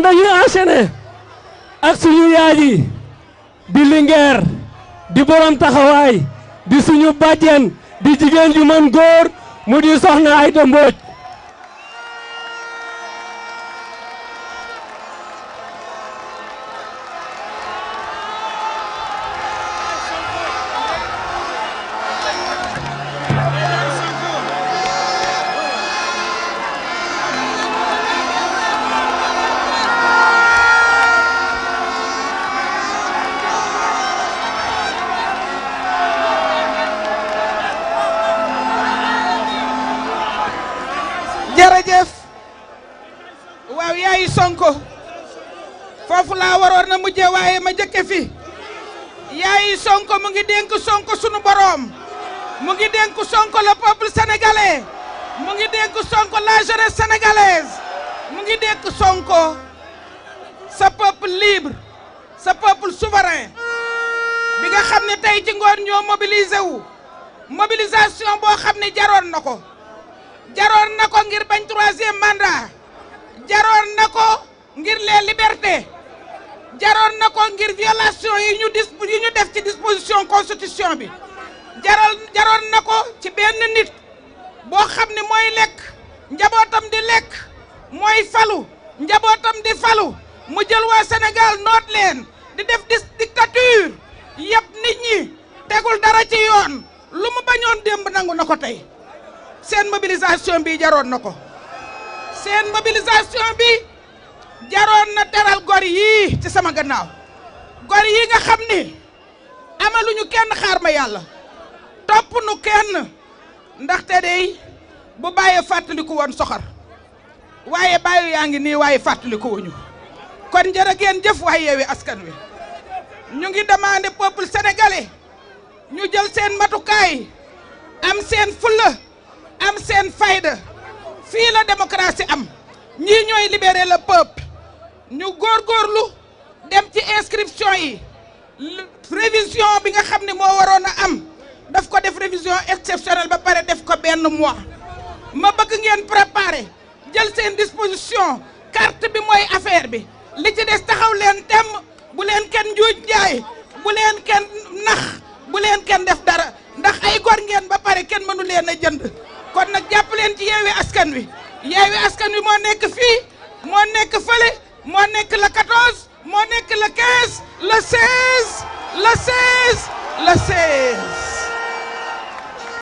kon dañuy enchaîner ak suñu yaay yi di di borom taxawaay di suñu bàjjen di jigéen ju mën góor mu di soxna Aïda Mbodj jërëjëf waaw yaayu Sonko foofu laa waroon na mujje waaye ma jëkke fi yaayu Sonko mu ngi dénk Sonko sunu boroom mu ngi dénk Sonko le peuple sénégalais mu ngi dénk Sonko la jeunesse sénégalaise mu ngi dénk Sonko sa peuple libre sa peuple souverain bi nga xam ne tey ci ngoon ñoo mobilisé wu boo xam ne jaroon na ko jaroon na ko ngir bañ troisième mandat jaroon na ko ngir les libertés jaroon na ko ngir violation yi ñu dis yi def ci disposition constitution bi jaroon na ko ci benn nit boo xam ne mooy lekk njabootam di lekk mooy falu njabootam di falu mu jël waa Sénégal noot di def dis dictature yëpp ñi tegul dara ci yoon lu mu bañoon démb nangu na ko tey seen mobilisation bi jaroon na ko seen na teral gor yii ci sama gannaaw gor yi nga xam ni amaluñu kenn xaar ma yàlla topp nu kenn ndaxte day bu bàyyee fàttaliku woon soxor waaye bàyyi yaa ngi nii waaye fàttaliku wuñu kon jërë jëf waaye yeewi askan wi ñu ngi demandé peuple sénégalais ñu jël seen matukaay am seen fulla am seen fayda fii la démocratie am ñii ñooy libérer le peuple ñu góorgóorlu dem ci inscription yi révision bi nga xam ne moo waroon am daf ko def révision exceptionnelle ba pare def ko benn moo ma bëgg ngeen préparer jël seen disposition carte bi mooy affaire bi li ci des taxaw tem bu leen kenn njuuj bu leen kenn nax bu leen kenn def dara ndax ay gor ngeen ba pare kenn mënu leen a jënd kon nag jàpp leen ci yeewi askan wi yeewi moo nekk fii moo nekk fële moo nekk la 14 moo nekk la 15 le 16 le 16 le 16.